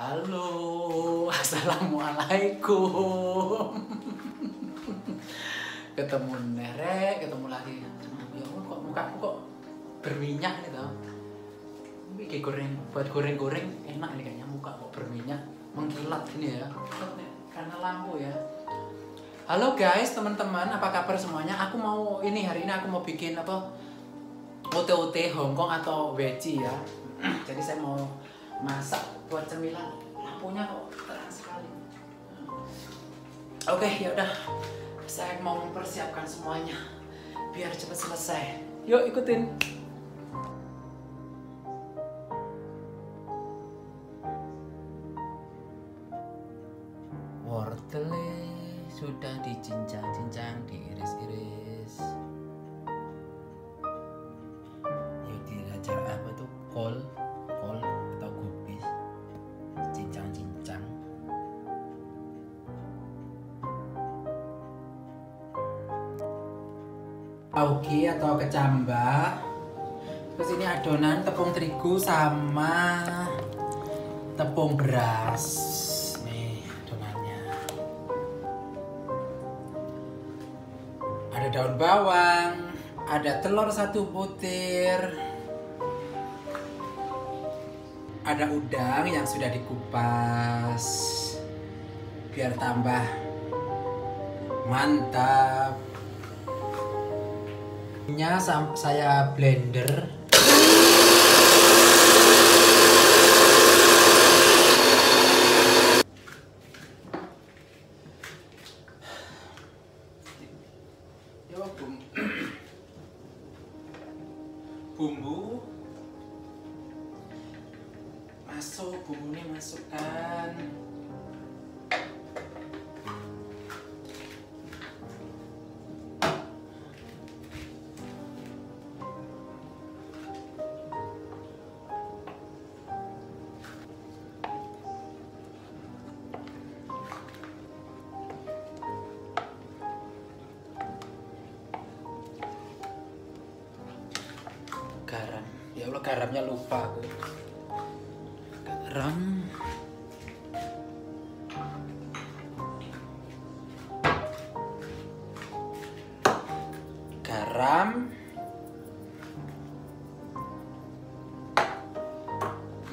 Halo, assalamualaikum. ketemu Nerek, ketemu lagi. Ya Allah, kok aku kok berminyak nih tau. Ini kayak goreng, buat goreng-goreng enak nih kayaknya muka kok berminyak, mengkilat ini ya. Karena lampu ya. Halo guys, teman-teman, apa kabar semuanya? Aku mau ini hari ini aku mau bikin apa? OTOT Hongkong atau Weci ya. Jadi saya mau masak buat cemilan lampunya kok terang sekali oke okay, ya udah saya mau mempersiapkan semuanya biar cepat selesai yuk ikutin wortel sudah dicincang-cincang diiris-iris ya dirajang apa tuh kol auge atau kecambah terus ini adonan tepung terigu sama tepung beras nih adonannya ada daun bawang ada telur satu butir ada udang yang sudah dikupas biar tambah mantap nya saya blender Allah garamnya lupa aku garam garam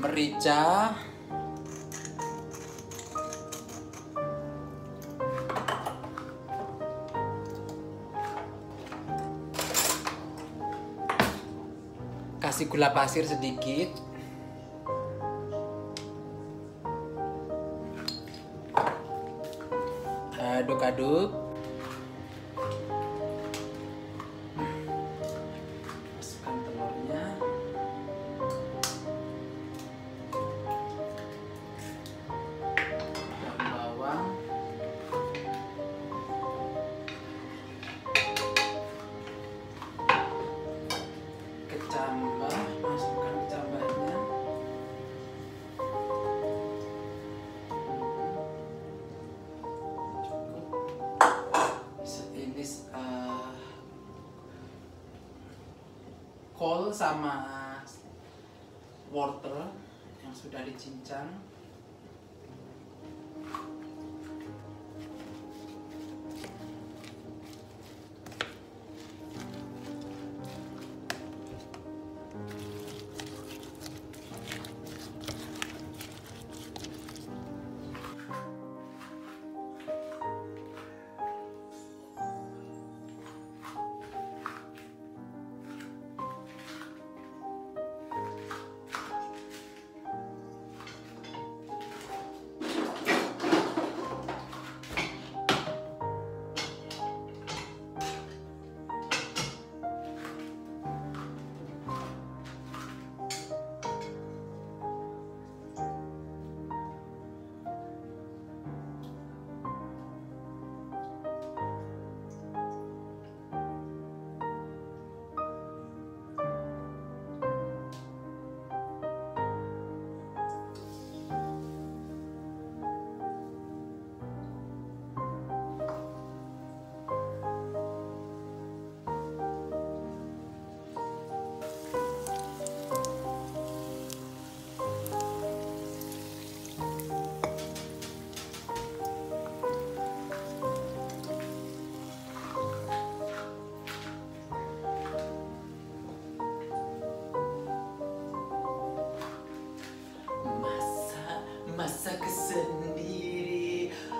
merica kasih gula pasir sedikit aduk-aduk kol sama wortel yang sudah dicincang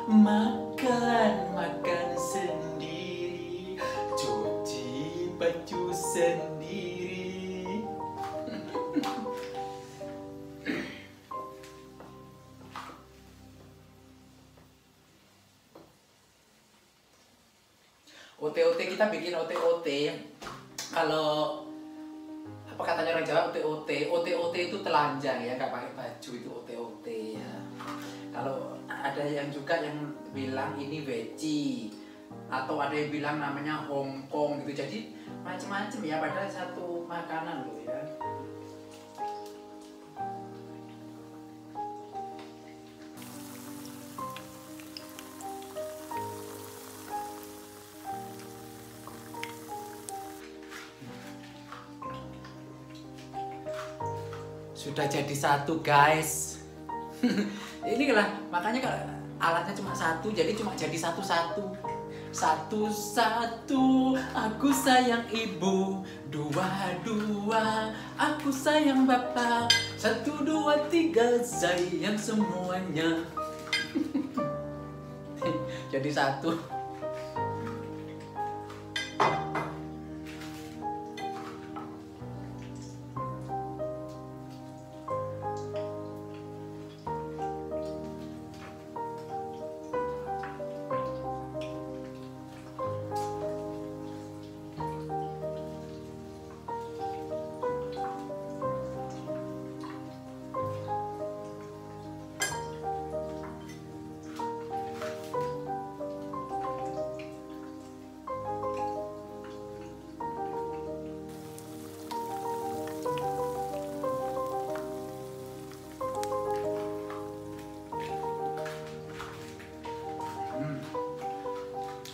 makan makan sendiri cuci baju sendiri otot ot kita bikin otot. ote kalau apa katanya orang Jawa Otot-otot, Ote-ote itu telanjang ya nggak pakai baju itu otot ote ya kalau ada yang juga yang bilang hmm. ini veggie atau ada yang bilang namanya Hongkong gitu jadi macam-macam ya padahal satu makanan loh ya sudah jadi satu guys ini lah makanya kalau alatnya cuma satu jadi cuma jadi satu satu satu satu aku sayang ibu dua dua aku sayang bapak satu dua tiga sayang semuanya jadi satu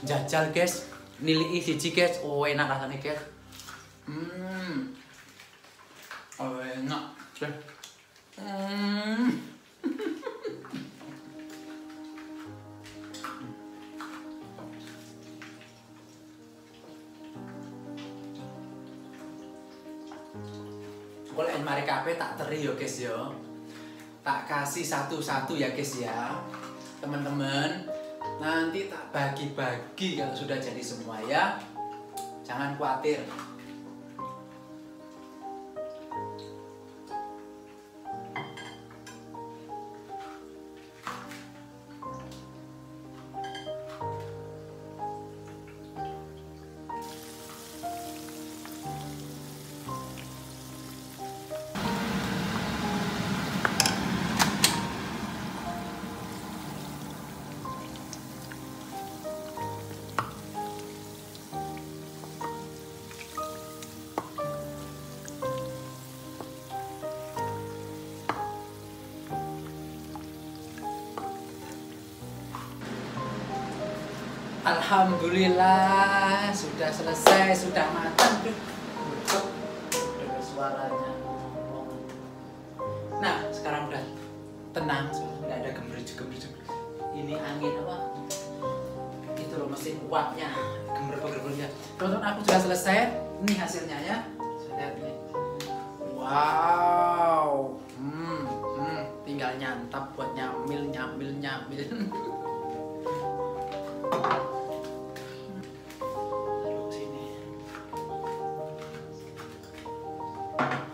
jajal guys nili siji guys oh enak rasanya guys hmm oh enak hmm Kalau mari kafe tak teri yo guys yo tak kasih satu-satu ya guys ya teman-teman nanti tak bagi-bagi kalau sudah jadi semua ya jangan khawatir Alhamdulillah sudah selesai, sudah matang. Dengar suaranya. Nah, sekarang udah tenang, nggak ada gemericik-gemericik. Ini angin apa? Itu loh mesin uapnya, gemericik teman Tonton aku sudah selesai. Ini hasilnya ya. Lihat nih. Wow. Hmm, hmm. Tinggal nyantap buat nyamil, nyamil, nyamil. Thank you.